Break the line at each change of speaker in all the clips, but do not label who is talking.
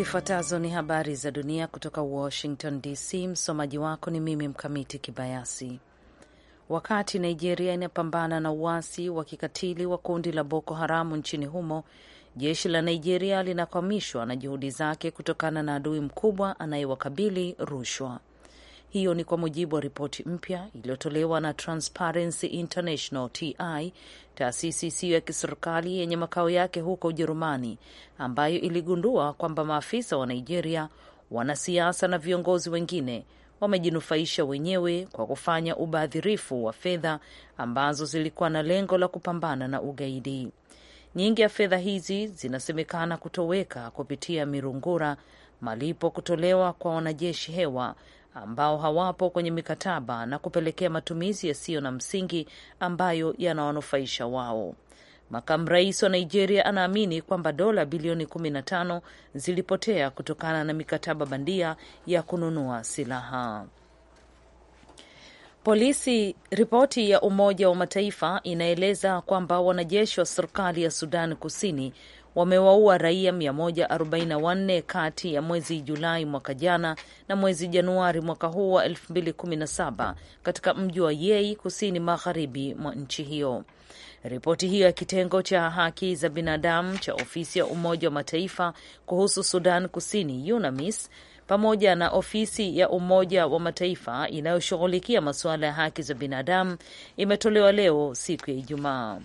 Zifuatazo ni habari za dunia kutoka Washington DC. Msomaji wako ni mimi Mkamiti Kibayasi. Wakati Nigeria inapambana na uasi wa kikatili wa kundi la Boko Haramu nchini humo, jeshi la Nigeria linakwamishwa na juhudi zake kutokana na adui mkubwa anayewakabili rushwa. Hiyo ni kwa mujibu wa ripoti mpya iliyotolewa na Transparency International TI, taasisi isiyo ya kiserikali yenye makao yake huko Ujerumani, ambayo iligundua kwamba maafisa wa Nigeria, wanasiasa na viongozi wengine wamejinufaisha wenyewe kwa kufanya ubadhirifu wa fedha ambazo zilikuwa na lengo la kupambana na ugaidi. Nyingi ya fedha hizi zinasemekana kutoweka kupitia mirungura, malipo kutolewa kwa wanajeshi hewa ambao hawapo kwenye mikataba na kupelekea matumizi yasiyo na msingi ambayo yanawanufaisha wao. Makamu rais wa Nigeria anaamini kwamba dola bilioni 15 zilipotea kutokana na mikataba bandia ya kununua silaha. Polisi. Ripoti ya Umoja wa Mataifa inaeleza kwamba wanajeshi wa serikali ya Sudan Kusini wamewaua raia 144 kati ya mwezi Julai mwaka jana na mwezi Januari mwaka huu wa 2017 katika mji wa Yei kusini magharibi mwa nchi hiyo. Ripoti hiyo ya kitengo cha haki za binadamu cha ofisi ya Umoja wa Mataifa kuhusu Sudan Kusini, UNAMIS, pamoja na ofisi ya Umoja wa Mataifa inayoshughulikia masuala ya haki za binadamu imetolewa leo siku ya Ijumaa.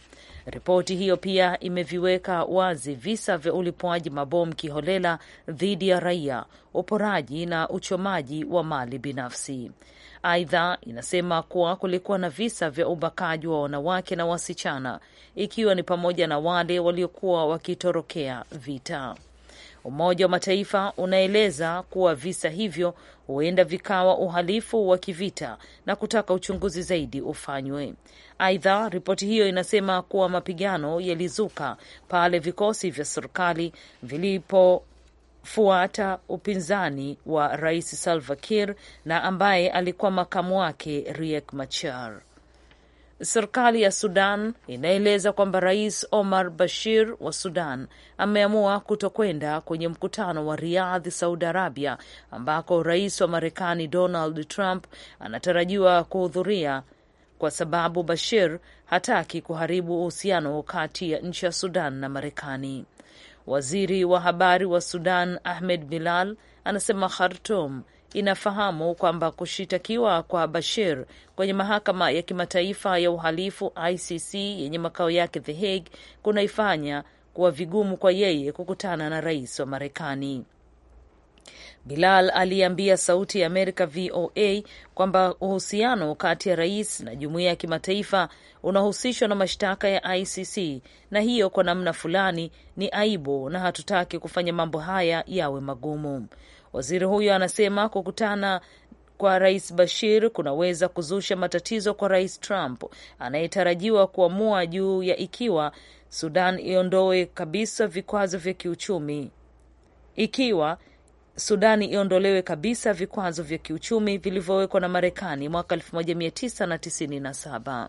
Ripoti hiyo pia imeviweka wazi visa vya ulipuaji mabomu kiholela dhidi ya raia, uporaji na uchomaji wa mali binafsi. Aidha, inasema kuwa kulikuwa na visa vya ubakaji wa wanawake na wasichana, ikiwa ni pamoja na wale waliokuwa wakitorokea vita. Umoja wa Mataifa unaeleza kuwa visa hivyo huenda vikawa uhalifu wa kivita na kutaka uchunguzi zaidi ufanywe. Aidha, ripoti hiyo inasema kuwa mapigano yalizuka pale vikosi vya serikali vilipo fuata upinzani wa rais Salva Kiir na ambaye alikuwa makamu wake Riek Machar. Serikali ya Sudan inaeleza kwamba Rais Omar Bashir wa Sudan ameamua kutokwenda kwenye mkutano wa riadhi Saudi Arabia, ambako rais wa Marekani Donald Trump anatarajiwa kuhudhuria kwa sababu Bashir hataki kuharibu uhusiano kati ya nchi ya Sudan na Marekani. Waziri wa habari wa Sudan Ahmed Bilal anasema Khartum inafahamu kwamba kushitakiwa kwa Bashir kwenye mahakama ya kimataifa ya uhalifu ICC yenye makao yake The Hague kunaifanya kuwa vigumu kwa yeye kukutana na rais wa Marekani. Bilal aliambia Sauti ya Amerika VOA kwamba uhusiano kati ya rais na jumuiya ya kimataifa unahusishwa na mashtaka ya ICC, na hiyo kwa namna fulani ni aibu, na hatutaki kufanya mambo haya yawe magumu. Waziri huyo anasema kukutana kwa rais Bashir kunaweza kuzusha matatizo kwa rais Trump anayetarajiwa kuamua juu ya ikiwa Sudan iondoe kabisa vikwazo vya kiuchumi ikiwa Sudani iondolewe kabisa vikwazo vya kiuchumi vilivyowekwa na Marekani mwaka 1997.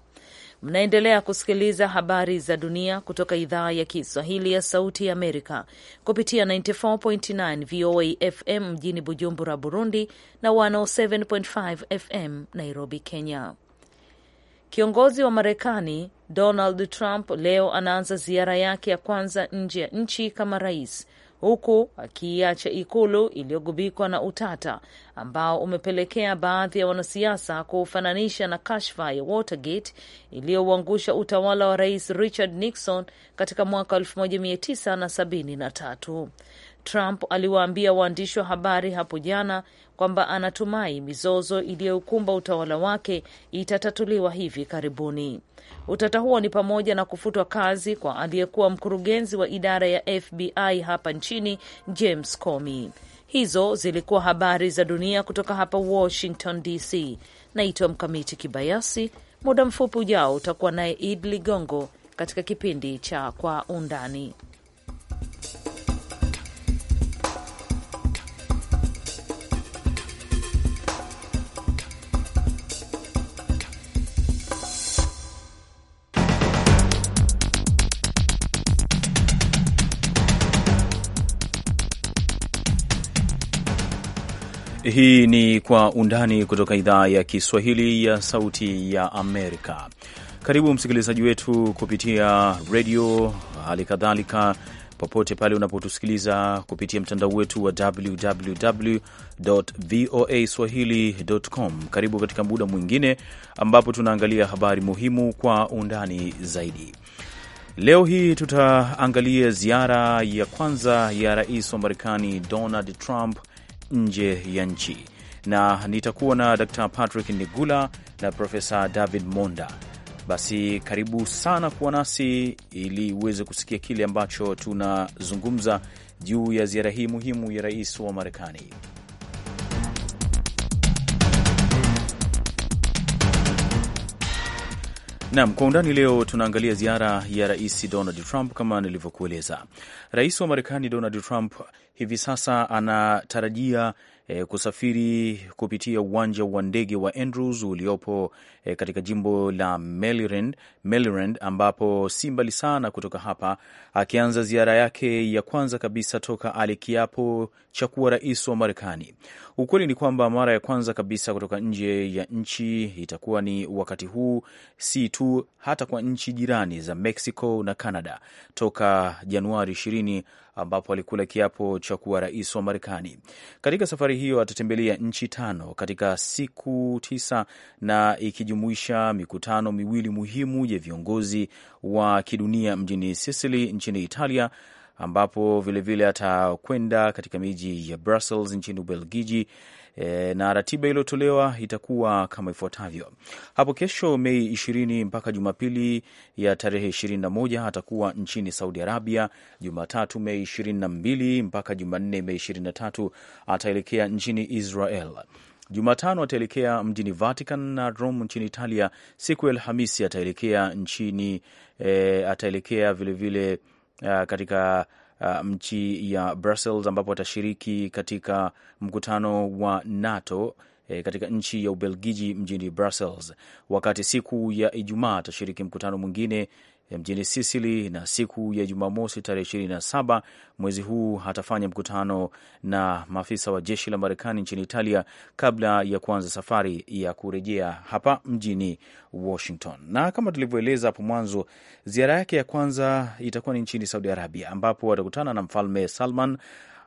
Mnaendelea kusikiliza habari za dunia kutoka idhaa ya Kiswahili ya Sauti ya Amerika kupitia 94.9 VOA FM mjini Bujumbura, Burundi na 107.5 FM Nairobi, Kenya. Kiongozi wa Marekani Donald Trump leo anaanza ziara yake ya kwanza nje ya nchi kama rais huku akiiacha ikulu iliyogubikwa na utata ambao umepelekea baadhi ya wanasiasa kuufananisha na kashfa ya Watergate iliyouangusha utawala wa Rais Richard Nixon katika mwaka 1973. Trump aliwaambia waandishi wa habari hapo jana kwamba anatumai mizozo iliyokumba utawala wake itatatuliwa hivi karibuni. Utata huo ni pamoja na kufutwa kazi kwa aliyekuwa mkurugenzi wa idara ya FBI hapa nchini James Comey. Hizo zilikuwa habari za dunia kutoka hapa Washington DC. Naitwa Mkamiti Kibayasi. Muda mfupi ujao utakuwa naye Id Ligongo katika kipindi cha Kwa Undani.
Hii ni Kwa Undani kutoka idhaa ya Kiswahili ya Sauti ya Amerika. Karibu msikilizaji wetu kupitia redio, hali kadhalika popote pale unapotusikiliza kupitia mtandao wetu wa www voa swahili.com. Karibu katika muda mwingine ambapo tunaangalia habari muhimu kwa undani zaidi. Leo hii tutaangalia ziara ya kwanza ya rais wa Marekani Donald Trump nje ya nchi, na nitakuwa na Dr Patrick Nigula na Profesa David Monda. Basi karibu sana kuwa nasi ili uweze kusikia kile ambacho tunazungumza juu ya ziara hii muhimu ya rais wa Marekani. Naam, kwa undani leo tunaangalia ziara ya Rais Donald Trump. Kama nilivyokueleza, Rais wa Marekani Donald Trump hivi sasa anatarajia e, kusafiri kupitia uwanja wa ndege wa Andrews uliopo e, katika jimbo la Maryland, Maryland ambapo si mbali sana kutoka hapa, akianza ziara yake ya kwanza kabisa toka alikiapo cha kuwa rais wa Marekani. Ukweli ni kwamba mara ya kwanza kabisa kutoka nje ya nchi itakuwa ni wakati huu, si tu hata kwa nchi jirani za Mexico na Canada toka Januari 20 ambapo alikula kiapo cha kuwa rais wa Marekani. Katika safari hiyo atatembelea nchi tano katika siku tisa na ikijumuisha mikutano miwili muhimu ya viongozi wa kidunia mjini Sicily nchini Italia ambapo vilevile atakwenda katika miji ya Brussels nchini Ubelgiji. E, na ratiba iliyotolewa itakuwa kama ifuatavyo. Hapo kesho Mei ishirini mpaka Jumapili ya tarehe ishirini na moja atakuwa nchini Saudi Arabia. Jumatatu Mei ishirini na mbili mpaka Jumanne Mei ishirini na tatu ataelekea nchini Israel. Jumatano ataelekea mjini Vatican na Rome nchini Italia. Siku ya Alhamisi ataelekea nchini e, ataelekea vilevile vile uh, katika uh, mchi ya Brussels ambapo atashiriki katika mkutano wa NATO eh, katika nchi ya Ubelgiji mjini Brussels, wakati siku ya Ijumaa atashiriki mkutano mwingine mjini Sisili, na siku ya Jumamosi tarehe saba mwezi huu atafanya mkutano na maafisa wa jeshi la Marekani nchini Italia kabla ya kuanza safari ya kurejea hapa mjini Washington. Na kama tulivyoeleza hapo mwanzo, ziara yake ya kwanza itakuwa ni nchini Saudi Arabia, ambapo atakutana na Mfalme Salman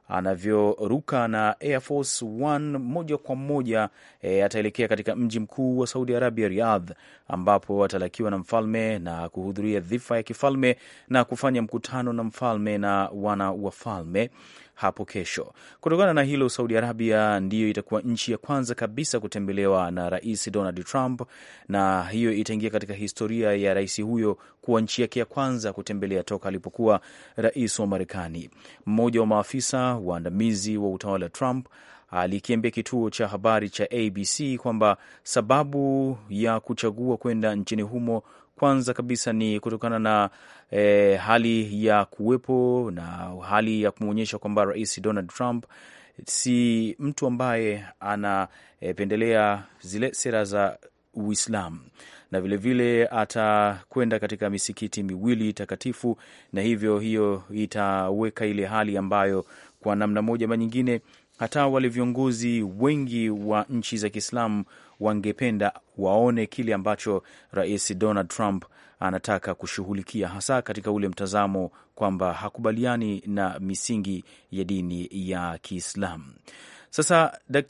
anavyoruka na Air Force One moja kwa moja e, ataelekea katika mji mkuu wa Saudi Arabia, Riyadh, ambapo atalakiwa na mfalme na kuhudhuria dhifa ya kifalme na kufanya mkutano na mfalme na wana wafalme hapo kesho. Kutokana na hilo, Saudi Arabia ndiyo itakuwa nchi ya kwanza kabisa kutembelewa na Rais Donald Trump, na hiyo itaingia katika historia ya rais huyo kuwa nchi yake ya kwanza kutembelea toka alipokuwa rais wa Marekani. Mmoja wa maafisa waandamizi wa utawala Trump alikiambia kituo cha habari cha ABC kwamba sababu ya kuchagua kwenda nchini humo kwanza kabisa ni kutokana na e, hali ya kuwepo na hali ya kumwonyesha kwamba Rais Donald Trump si mtu ambaye anapendelea eh, zile sera za Uislamu na vilevile atakwenda katika misikiti miwili takatifu, na hivyo hiyo itaweka ile hali ambayo kwa namna moja ama nyingine hata wale viongozi wengi wa nchi za Kiislamu wangependa waone kile ambacho Rais Donald Trump anataka kushughulikia, hasa katika ule mtazamo kwamba hakubaliani na misingi ya dini ya Kiislamu. Sasa d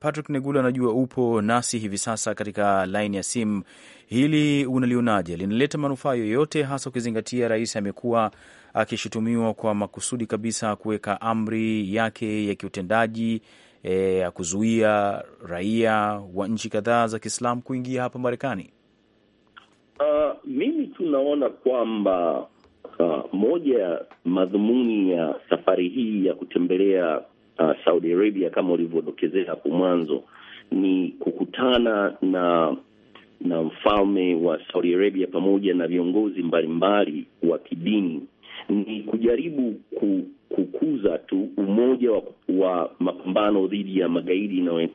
Patrick Negula, anajua upo nasi hivi sasa katika laini ya simu. Hili unalionaje? Linaleta manufaa yoyote, hasa ukizingatia rais amekuwa akishutumiwa kwa makusudi kabisa kuweka amri yake ya kiutendaji e, ya kuzuia raia wa nchi kadhaa za Kiislamu kuingia hapa Marekani?
Uh, mimi tunaona kwamba uh, moja ya madhumuni ya safari hii ya kutembelea uh, Saudi Arabia kama ulivyodokezea hapo mwanzo ni kukutana na na mfalme wa Saudi Arabia pamoja na viongozi mbalimbali wa kidini, ni kujaribu kukuza tu umoja wa, wa mapambano dhidi ya magaidi uh,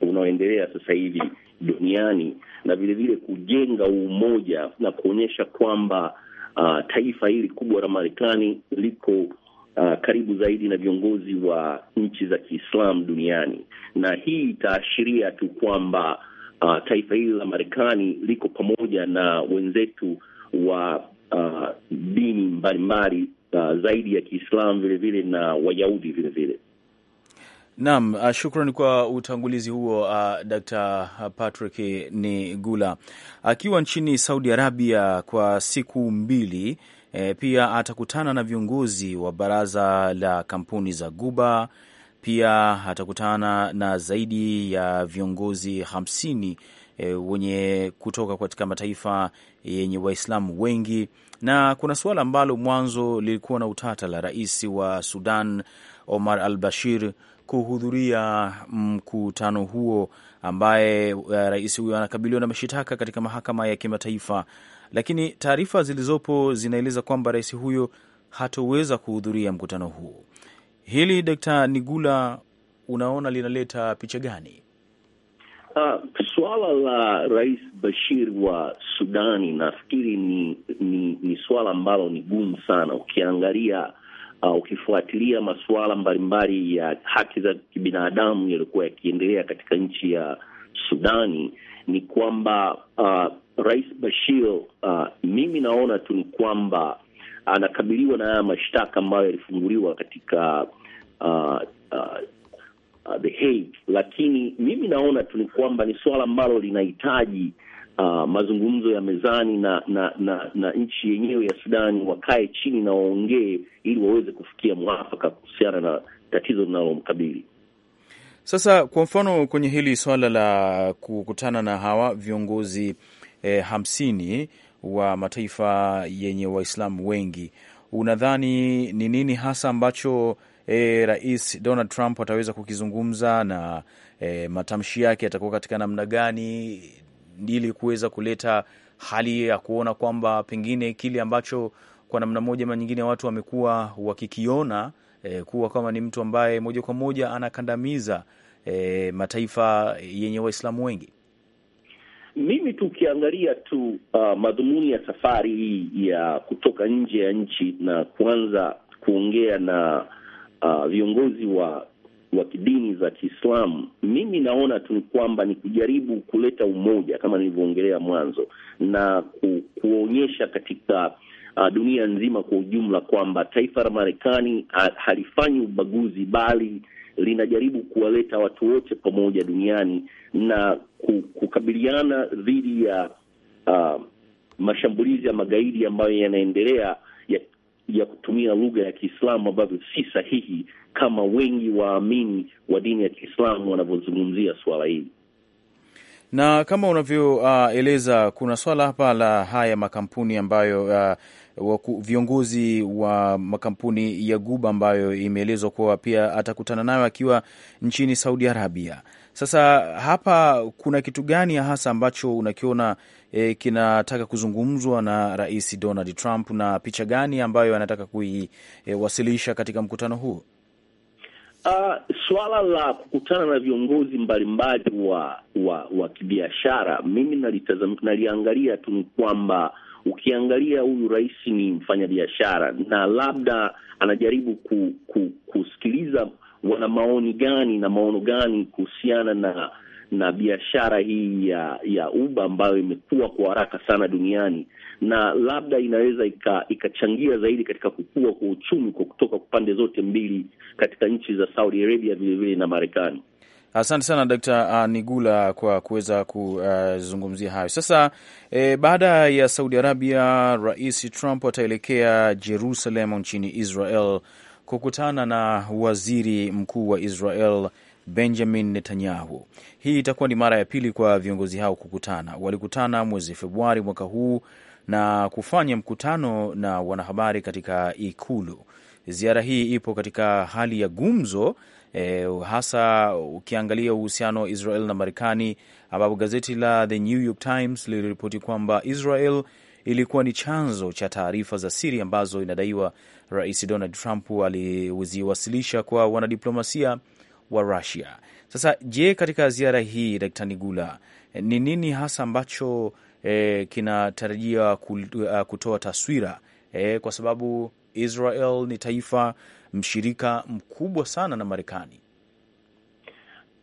unaoendelea uh, sasa hivi duniani na vilevile kujenga umoja na kuonyesha kwamba uh, taifa hili kubwa la Marekani liko uh, karibu zaidi na viongozi wa nchi za Kiislamu duniani, na hii itaashiria tu kwamba uh, taifa hili la Marekani liko pamoja na wenzetu wa uh, dini mbalimbali uh, zaidi ya Kiislamu vilevile na Wayahudi vilevile.
Naam, uh, shukran kwa utangulizi huo uh, Dr. Patrick Nigula akiwa nchini Saudi Arabia kwa siku mbili. E, pia atakutana na viongozi wa baraza la kampuni za Guba. Pia atakutana na zaidi ya viongozi hamsini e, wenye kutoka katika mataifa yenye Waislamu wengi na kuna suala ambalo mwanzo lilikuwa na utata la rais wa Sudan Omar al Bashir kuhudhuria mkutano huo, ambaye eh, rais huyo anakabiliwa na mashitaka katika mahakama ya kimataifa, lakini taarifa zilizopo zinaeleza kwamba rais huyo hatoweza kuhudhuria mkutano huo. Hili Dkt Nigula, unaona linaleta picha gani?
Uh, swala la Rais Bashir wa Sudani nafikiri ni, ni ni swala ambalo ni gumu sana ukiangalia Uh, ukifuatilia masuala mbalimbali ya haki za kibinadamu yaliyokuwa yakiendelea katika nchi ya Sudani ni kwamba uh, Rais Bashir uh, mimi naona tu ni kwamba anakabiliwa na haya mashtaka ambayo yalifunguliwa katika uh, uh, uh, the Hague, lakini mimi naona tu ni kwamba ni suala ambalo linahitaji uh, mazungumzo ya mezani na na na, na nchi yenyewe ya Sudani wakae chini na waongee ili waweze kufikia mwafaka kuhusiana na tatizo linalomkabili.
Sasa kwa mfano kwenye hili swala la kukutana na hawa viongozi eh, hamsini wa mataifa yenye Waislamu wengi, unadhani ni nini hasa ambacho e, Rais Donald Trump ataweza kukizungumza na e, matamshi yake yatakuwa katika namna gani ili kuweza kuleta hali ya kuona kwamba pengine kile ambacho kwa namna moja ama nyingine watu wamekuwa wakikiona e, kuwa kama ni mtu ambaye moja kwa moja anakandamiza e, mataifa yenye Waislamu wengi.
Mimi tukiangalia tu uh, madhumuni ya safari hii ya kutoka nje ya nchi na kuanza kuongea na uh, viongozi wa wa kidini za Kiislamu, mimi naona tu kwamba ni kujaribu kuleta umoja kama nilivyoongelea mwanzo na ku, kuonyesha katika uh, dunia nzima kwa ujumla kwamba taifa la Marekani uh, halifanyi ubaguzi bali linajaribu kuwaleta watu wote pamoja duniani na kukabiliana dhidi ya uh, mashambulizi ya magaidi ambayo yanaendelea ya kutumia lugha ya Kiislamu ambavyo si sahihi kama wengi waamini wa dini ya Kiislamu wanavyozungumzia suala hili
na kama unavyoeleza uh, kuna swala hapa la haya makampuni ambayo uh, waku, viongozi wa makampuni ya Guba ambayo imeelezwa kuwa pia atakutana nayo akiwa nchini Saudi Arabia. Sasa hapa kuna kitu gani hasa ambacho unakiona e, kinataka kuzungumzwa na Rais Donald Trump na picha gani ambayo anataka kuiwasilisha e, katika mkutano huu?
Uh, ah, suala la kukutana na viongozi mbalimbali wa wa wa kibiashara, mimi naliangalia tu ni kwamba ukiangalia huyu rais ni mfanyabiashara na labda anajaribu ku, ku, kusikiliza wana maoni gani na maono gani kuhusiana na na biashara hii ya ya Uber ambayo imekuwa kwa haraka sana duniani, na labda inaweza ikachangia ika zaidi katika kukua kwa uchumi kwa kutoka pande zote mbili katika nchi za Saudi Arabia vilevile na Marekani.
Asante sana Dkt. Uh, Nigula kwa kuweza kuzungumzia hayo. Sasa e, baada ya Saudi Arabia, Rais Trump ataelekea Jerusalem nchini Israel kukutana na waziri mkuu wa Israel Benjamin Netanyahu. Hii itakuwa ni mara ya pili kwa viongozi hao kukutana. Walikutana mwezi Februari mwaka huu na kufanya mkutano na wanahabari katika Ikulu. Ziara hii ipo katika hali ya gumzo eh, hasa ukiangalia uhusiano wa Israel na Marekani, ambapo gazeti la The New York Times liliripoti kwamba Israel ilikuwa ni chanzo cha taarifa za siri ambazo inadaiwa Rais Donald Trump aliziwasilisha kwa wanadiplomasia wa Russia. Sasa je, katika ziara hii Daktari Nigula, eh, ni nini hasa ambacho eh, kinatarajia eh, kutoa taswira eh, kwa sababu Israel ni taifa mshirika mkubwa sana na Marekani.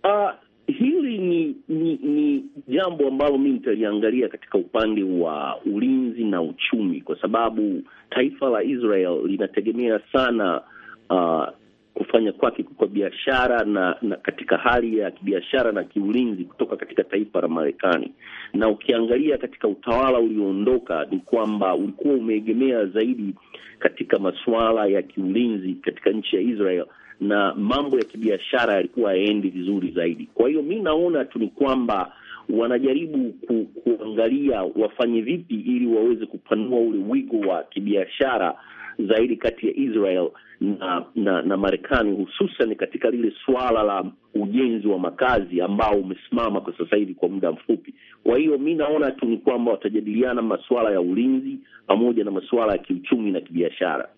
Uh, hili ni, ni, ni jambo ambalo mi nitaliangalia katika upande wa ulinzi na uchumi, kwa sababu taifa la Israel linategemea sana uh, kufanya kwake kwa biashara na, na katika hali ya kibiashara na kiulinzi kutoka katika taifa la Marekani. Na ukiangalia katika utawala ulioondoka, ni kwamba ulikuwa umeegemea zaidi katika masuala ya kiulinzi katika nchi ya Israel na mambo ya kibiashara yalikuwa yaendi vizuri zaidi. Kwa hiyo mi naona tu ni kwamba wanajaribu ku, kuangalia wafanye vipi ili waweze kupanua ule wigo wa kibiashara zaidi kati ya Israel na na, na Marekani, hususan katika lile swala la ujenzi wa makazi ambao umesimama kwa sasa hivi kwa muda mfupi. Kwa hiyo mi naona tu ni kwamba watajadiliana masuala ya ulinzi pamoja na masuala ya kiuchumi na kibiashara.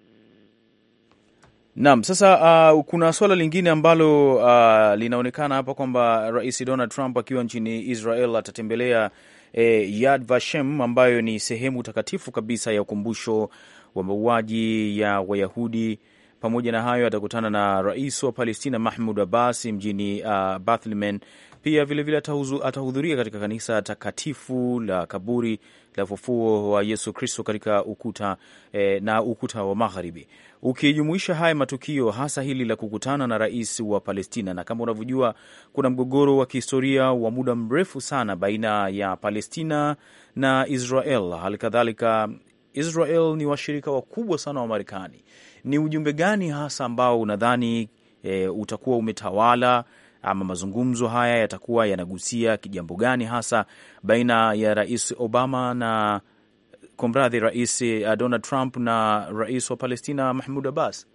Naam, sasa uh, kuna swala lingine ambalo uh, linaonekana hapa kwamba Rais Donald Trump akiwa nchini Israel atatembelea eh, Yad Vashem ambayo ni sehemu takatifu kabisa ya ukumbusho wa mauaji ya Wayahudi. Pamoja na hayo, atakutana na rais wa Palestina Mahmud Abbas mjini uh, Bethlehem. Pia vilevile atahudhuria katika kanisa takatifu la kaburi la ufufuo wa Yesu Kristo katika ukuta eh, na ukuta wa magharibi. Ukijumuisha haya matukio, hasa hili la kukutana na rais wa Palestina, na kama unavyojua kuna mgogoro wa kihistoria wa muda mrefu sana baina ya Palestina na Israel, halikadhalika Israel ni washirika wakubwa sana wa Marekani. Ni ujumbe gani hasa ambao unadhani e, utakuwa umetawala ama mazungumzo haya yatakuwa yanagusia kijambo gani hasa baina ya Rais Obama na kumradhi, Rais eh, Donald Trump na rais wa Palestina Mahmud Abbas?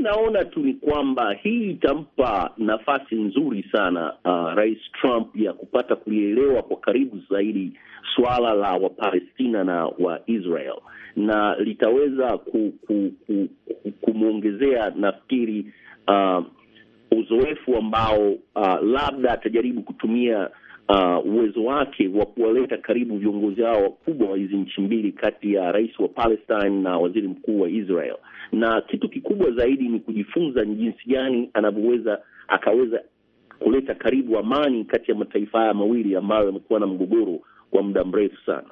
naona tu ni kwamba hii itampa nafasi nzuri sana uh, Rais Trump ya kupata kulielewa kwa karibu zaidi suala la Wapalestina na Waisrael na litaweza ku, ku, ku, ku, kumwongezea nafikiri uh, uzoefu ambao uh, labda atajaribu kutumia uh, uwezo wake wa kuwaleta karibu viongozi hao wakubwa wa hizi nchi mbili, kati ya rais wa Palestine na waziri mkuu wa Israel. Na kitu kikubwa zaidi ni kujifunza ni jinsi gani anavyoweza akaweza kuleta karibu amani kati ya mataifa haya mawili ambayo yamekuwa na mgogoro kwa muda mrefu sana.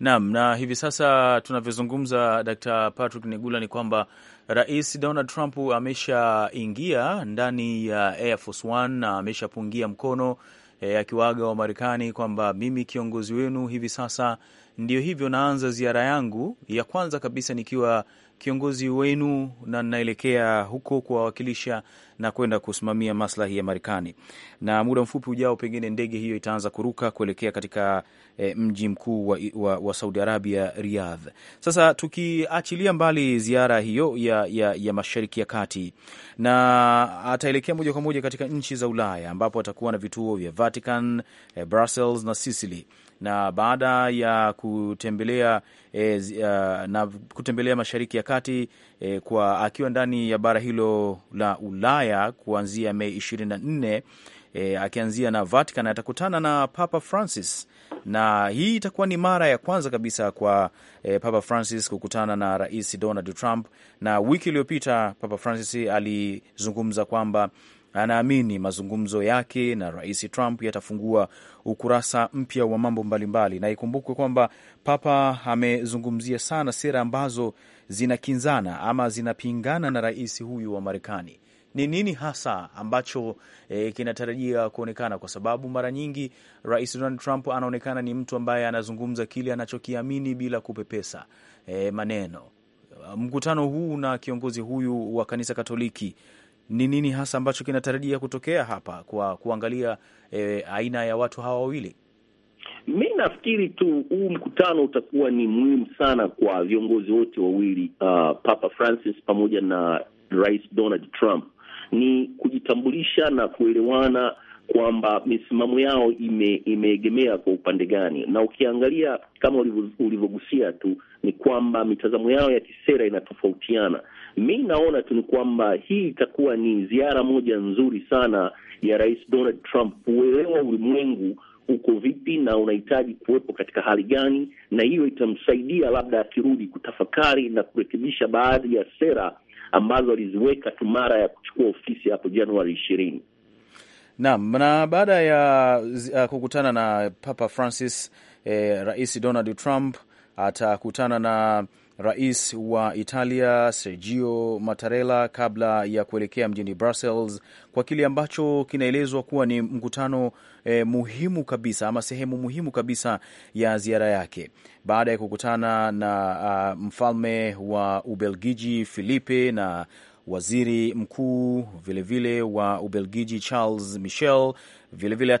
Naam, na hivi sasa tunavyozungumza, Dr. Patrick Negula, ni kwamba Rais Donald Trump ameshaingia ndani ya Air Force One na ameshapungia mkono e, akiwaaga Wamarekani kwamba mimi kiongozi wenu hivi sasa ndio hivyo, naanza ziara yangu ya kwanza kabisa nikiwa kiongozi wenu na naelekea huko kuwawakilisha na kwenda kusimamia maslahi ya Marekani, na muda mfupi ujao pengine ndege hiyo itaanza kuruka kuelekea katika e, mji mkuu wa, wa, wa Saudi Arabia, Riyadh. Sasa tukiachilia mbali ziara hiyo ya, ya, ya Mashariki ya Kati, na ataelekea moja kwa moja katika nchi za Ulaya ambapo atakuwa na vituo vya Vatican, e, Brussels na Sicily na baada ya kutembelea e, na kutembelea Mashariki ya Kati e, kwa akiwa ndani ya bara hilo la Ulaya kuanzia Mei nne e, akianzia na Vatican atakutana na Papa Francis na hii itakuwa ni mara ya kwanza kabisa kwa eh, Papa Francis kukutana na Rais Donald Trump. Na wiki iliyopita Papa Francis alizungumza kwamba anaamini mazungumzo yake na Rais Trump yatafungua ukurasa mpya wa mambo mbalimbali, na ikumbukwe kwamba Papa amezungumzia sana sera ambazo zinakinzana ama zinapingana na rais huyu wa Marekani. Ni nini hasa ambacho e, kinatarajia kuonekana? Kwa sababu mara nyingi Rais Donald Trump anaonekana ni mtu ambaye anazungumza kile anachokiamini bila kupepesa e, eh, maneno. Mkutano huu na kiongozi huyu wa kanisa Katoliki ni nini hasa ambacho kinatarajia kutokea hapa kwa kuangalia e, aina ya watu hawa wawili?
Mi nafikiri tu huu mkutano utakuwa ni muhimu sana kwa viongozi wote wawili, uh, Papa Francis pamoja na Rais Donald Trump, ni kujitambulisha na kuelewana kwamba misimamo yao ime, imeegemea kwa upande gani, na ukiangalia kama ulivyogusia tu ni kwamba mitazamo yao ya kisera inatofautiana. Mi naona tu ni kwamba hii itakuwa ni ziara moja nzuri sana ya Rais Donald Trump kuelewa ulimwengu uko vipi na unahitaji kuwepo katika hali gani, na hiyo itamsaidia labda akirudi kutafakari na kurekebisha baadhi ya sera ambazo aliziweka tu mara ya kuchukua ofisi hapo Januari ishirini.
Naam, na baada ya uh, kukutana na Papa Francis eh, Rais Donald Trump atakutana na rais wa Italia Sergio Mattarella kabla ya kuelekea mjini Brussels kwa kile ambacho kinaelezwa kuwa ni mkutano e, muhimu kabisa ama sehemu muhimu kabisa ya ziara yake, baada ya kukutana na a, uh, mfalme wa Ubelgiji Filipe na waziri mkuu vilevile vile wa Ubelgiji Charles Michel vilevile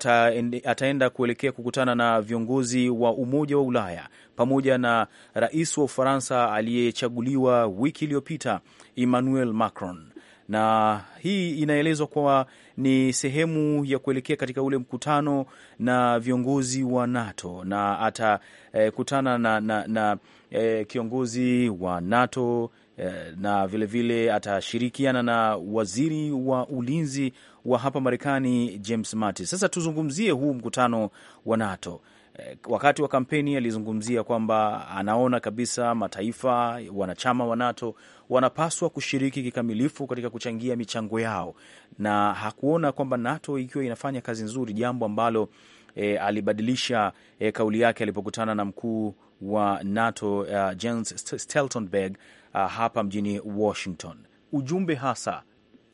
ataenda kuelekea kukutana na viongozi wa Umoja wa Ulaya pamoja na rais wa Ufaransa aliyechaguliwa wiki iliyopita Emmanuel Macron na hii inaelezwa kuwa ni sehemu ya kuelekea katika ule mkutano na viongozi wa NATO na atakutana eh, na, na, na eh, kiongozi wa NATO Eh, na vilevile atashirikiana na waziri wa ulinzi wa hapa Marekani James Mattis. Sasa tuzungumzie huu mkutano wa NATO. Eh, wakati wa kampeni alizungumzia kwamba anaona kabisa mataifa wanachama wa NATO wanapaswa kushiriki kikamilifu katika kuchangia michango yao, na hakuona kwamba NATO ikiwa inafanya kazi nzuri, jambo ambalo e, alibadilisha e, kauli yake alipokutana na mkuu wa NATO uh, Jens Stoltenberg uh, hapa mjini Washington, ujumbe hasa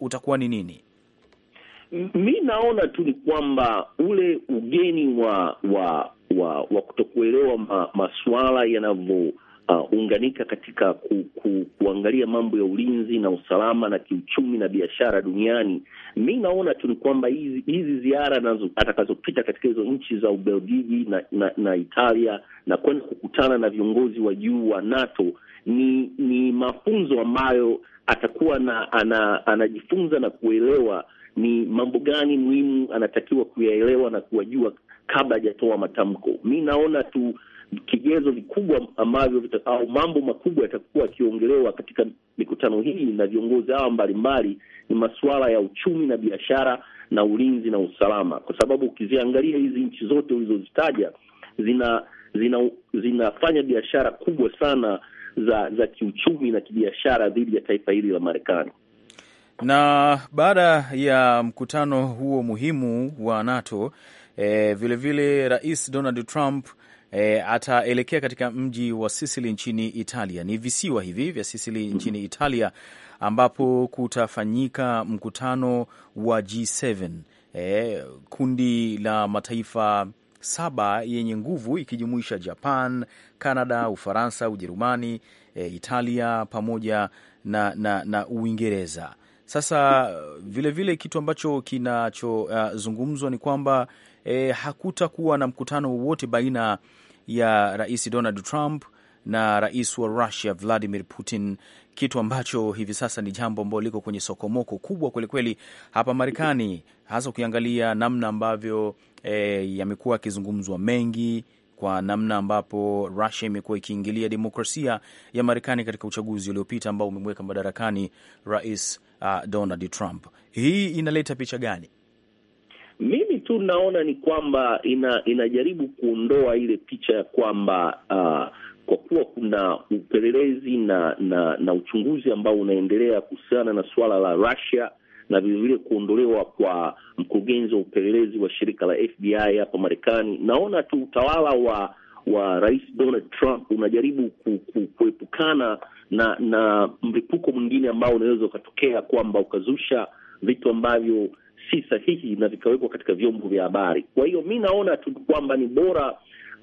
utakuwa ni nini?
Mi naona tu ni kwamba ule ugeni wa wa wa, wa kutokuelewa ma, masuala yanavyounganika uh, katika ku, ku, kuangalia mambo ya ulinzi na usalama na kiuchumi na biashara duniani. Mi naona tu ni kwamba hizi hizi ziara atakazopita katika hizo nchi za Ubelgiji na, na, na Italia na kwenda kukutana na viongozi wa juu wa NATO ni ni mafunzo ambayo atakuwa na ana, anajifunza na kuelewa ni mambo gani muhimu anatakiwa kuyaelewa na kuwajua kabla hajatoa matamko. Mi naona tu kigezo vikubwa ambavyo au mambo makubwa yatakuwa yakiongelewa katika mikutano hii na viongozi hawa mbalimbali ni masuala ya uchumi na biashara na ulinzi na usalama, kwa sababu ukiziangalia hizi nchi zote ulizozitaja zina, zina, zinafanya biashara kubwa sana za za kiuchumi na kibiashara dhidi ya taifa hili la Marekani.
Na baada ya mkutano huo muhimu wa NATO eh, vilevile Rais Donald Trump E, ataelekea katika mji wa Sisili nchini Italia. Ni visiwa hivi vya Sisili mm-hmm. nchini Italia ambapo kutafanyika mkutano wa G7, e, eh, kundi la mataifa saba yenye nguvu ikijumuisha Japan, Kanada, Ufaransa, Ujerumani, e, Italia pamoja na, na, na Uingereza. Sasa vilevile eh, vile kitu ambacho kinachozungumzwa eh, uh, ni kwamba e, hakutakuwa na mkutano wowote baina ya Rais Donald Trump na rais wa Russia Vladimir Putin kitu ambacho hivi sasa ni jambo ambalo liko kwenye sokomoko kubwa kwelikweli hapa Marekani, hasa ukiangalia namna ambavyo e, yamekuwa yakizungumzwa mengi kwa namna ambapo Russia imekuwa ikiingilia demokrasia ya Marekani katika uchaguzi uliopita ambao umemweka madarakani Rais uh, Donald Trump. Hii inaleta picha gani?
Mimi tu naona ni kwamba ina, inajaribu kuondoa ile picha ya kwamba uh, kwa kuwa kuna upelelezi na na na uchunguzi ambao unaendelea kuhusiana na suala la Russia na vilevile kuondolewa kwa mkurugenzi wa upelelezi wa shirika la FBI hapa Marekani, naona tu utawala wa wa Rais Donald Trump unajaribu ku, ku, kuepukana na na mlipuko mwingine ambao unaweza ukatokea kwamba ukazusha vitu ambavyo si sahihi na vikawekwa katika vyombo vya habari. Kwa hiyo mi naona tu kwamba ni bora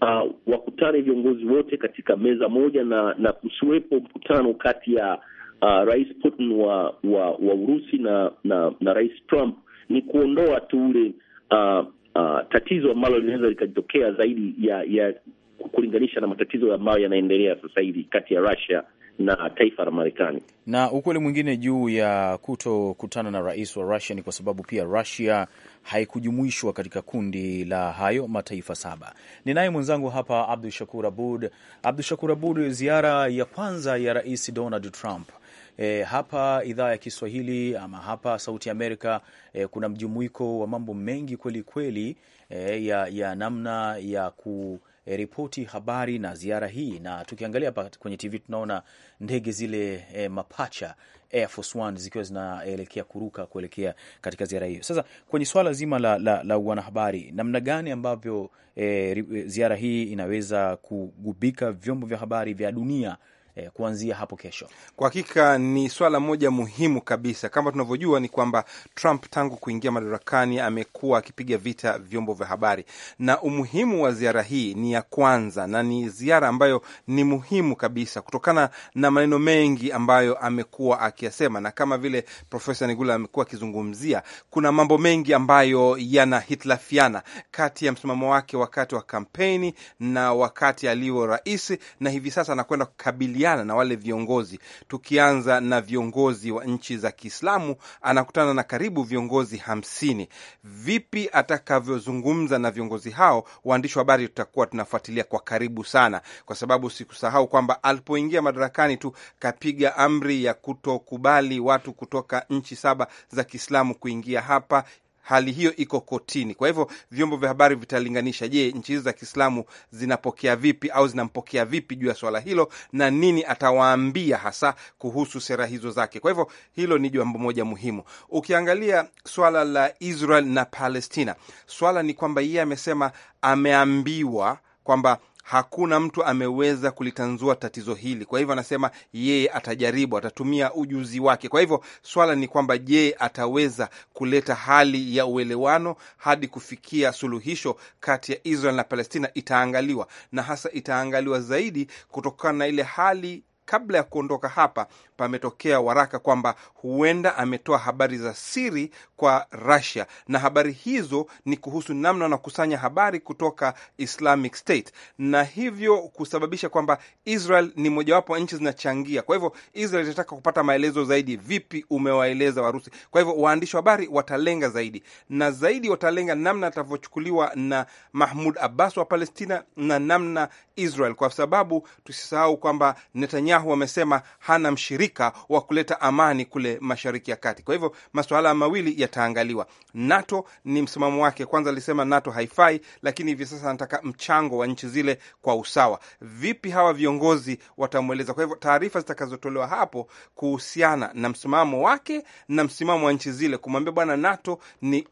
uh, wakutane viongozi wote katika meza moja na na kusiwepo mkutano kati ya uh, Rais Putin wa, wa wa Urusi na na, na Rais Trump ni kuondoa tu ule uh, uh, tatizo ambalo linaweza likajitokea zaidi ya ya kulinganisha na matatizo ambayo yanaendelea sasa hivi kati ya Russia na taifa la Marekani.
Na ukweli mwingine juu ya kutokutana na rais wa Russia ni kwa sababu pia Russia haikujumuishwa katika kundi la hayo mataifa saba. Ni naye mwenzangu hapa Abdu Shakur Abud. Abdu Shakur Abud, ziara ya kwanza ya Rais Donald Trump E, hapa idhaa ya Kiswahili ama hapa Sauti Amerika e, kuna mjumuiko wa mambo mengi kweli kweli, e, ya, ya namna ya ku e, ripoti habari na ziara hii, na tukiangalia hapa kwenye TV tunaona ndege zile e, mapacha Air Force One zikiwa zinaelekea kuruka kuelekea katika ziara hiyo. Sasa kwenye swala zima la, la, la wanahabari, namna gani ambavyo e, e ziara hii inaweza kugubika vyombo vya habari vya dunia eh, kuanzia hapo kesho. Kwa hakika ni swala moja muhimu
kabisa. Kama tunavyojua ni kwamba Trump tangu kuingia madarakani amekuwa akipiga vita vyombo vya habari, na umuhimu wa ziara hii ni ya kwanza na ni ziara ambayo ni muhimu kabisa kutokana na maneno mengi ambayo amekuwa akiyasema, na kama vile Profesa Nigula amekuwa akizungumzia, kuna mambo mengi ambayo yanahitilafiana kati ya msimamo wake wakati wa kampeni na wakati aliyo rais, na hivi sasa anakwenda kukabilia kuwasiliana na wale viongozi. Tukianza na viongozi wa nchi za Kiislamu, anakutana na karibu viongozi hamsini. Vipi atakavyozungumza na viongozi hao, waandishi wa habari tutakuwa tunafuatilia kwa karibu sana, kwa sababu sikusahau kwamba alipoingia madarakani tu kapiga amri ya kutokubali watu kutoka nchi saba za Kiislamu kuingia hapa hali hiyo iko kotini. Kwa hivyo vyombo vya habari vitalinganisha, je, nchi hizi za Kiislamu zinapokea vipi au zinampokea vipi juu ya swala hilo, na nini atawaambia hasa kuhusu sera hizo zake. Kwa hivyo hilo ni jambo moja muhimu. Ukiangalia swala la Israel na Palestina, swala ni kwamba yeye amesema ameambiwa kwamba hakuna mtu ameweza kulitanzua tatizo hili. Kwa hivyo anasema yeye atajaribu, atatumia ujuzi wake. Kwa hivyo swala ni kwamba je, ataweza kuleta hali ya uelewano hadi kufikia suluhisho kati ya Israel na Palestina? Itaangaliwa na hasa itaangaliwa zaidi kutokana na ile hali kabla ya kuondoka hapa pametokea waraka kwamba huenda ametoa habari za siri kwa Russia, na habari hizo ni kuhusu namna wanakusanya habari kutoka Islamic State, na hivyo kusababisha kwamba Israel ni mojawapo wa nchi zinachangia. Kwa hivyo Israel itataka kupata maelezo zaidi, vipi umewaeleza Warusi. Kwa hivyo waandishi wa habari watalenga zaidi na zaidi, watalenga namna atavyochukuliwa na Mahmud Abbas wa Palestina na namna Israel, kwa sababu tusisahau kwamba Netanyahu amesema hana mshirika mshirika wa kuleta amani kule Mashariki ya Kati. Kwa hivyo masuala mawili yataangaliwa. NATO ni msimamo wake, kwanza alisema NATO haifai, lakini hivi sasa anataka mchango wa nchi zile kwa usawa. Vipi hawa viongozi watamweleza? Kwa hivyo taarifa zitakazotolewa hapo kuhusiana na msimamo wake na msimamo wa nchi zile, kumwambia bwana, NATO ni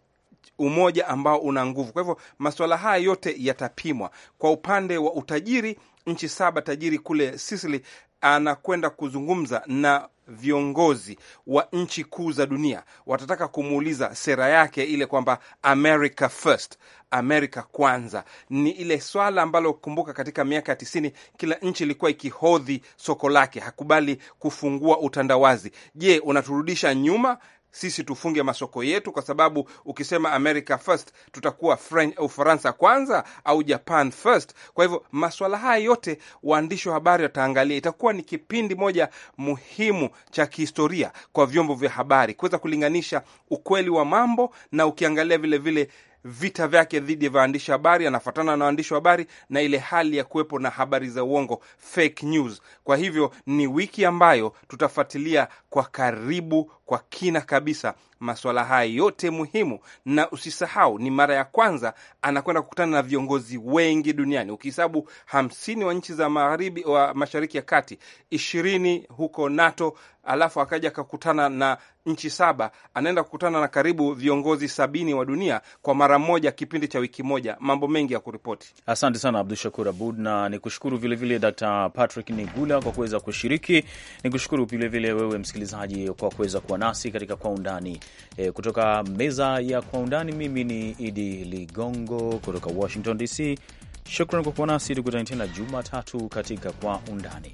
umoja ambao una nguvu. Kwa hivyo masuala haya yote yatapimwa. Kwa upande wa utajiri, nchi saba tajiri kule Sisili anakwenda kuzungumza na viongozi wa nchi kuu za dunia, watataka kumuuliza sera yake ile kwamba America first, Amerika kwanza. Ni ile swala ambalo kumbuka, katika miaka ya tisini kila nchi ilikuwa ikihodhi soko lake, hakubali kufungua utandawazi. Je, unaturudisha nyuma sisi tufunge masoko yetu, kwa sababu ukisema America first tutakuwa Ufaransa kwanza au Japan first. Kwa hivyo maswala haya yote waandishi wa habari wataangalia. Itakuwa ni kipindi moja muhimu cha kihistoria kwa vyombo vya habari kuweza kulinganisha ukweli wa mambo, na ukiangalia vilevile vile vita vyake dhidi ya waandishi habari, anafuatana na waandishi wa habari na ile hali ya kuwepo na habari za uongo, fake news. Kwa hivyo ni wiki ambayo tutafuatilia kwa karibu kwa kina kabisa masuala haya yote muhimu. Na usisahau ni mara ya kwanza anakwenda kukutana na viongozi wengi duniani, ukihesabu hamsini wa nchi za magharibi wa mashariki ya kati, ishirini huko NATO, alafu akaja akakutana na nchi saba. Anaenda kukutana na karibu viongozi sabini wa dunia kwa mara moja, kipindi
cha wiki moja. Mambo mengi ya kuripoti. Asante sana Abdu Shakur Abud, na ni kushukuru vilevile Dr Patrick Nigula kwa kuweza kushiriki. Ni kushukuru vilevile wewe msikilizaji kwa kuweza ku kuwa nasi katika Kwa Undani e, kutoka meza ya Kwa Undani. Mimi ni Idi Ligongo kutoka Washington DC. Shukran kwa kuwa nasi, tukutane tena Jumatatu katika Kwa Undani.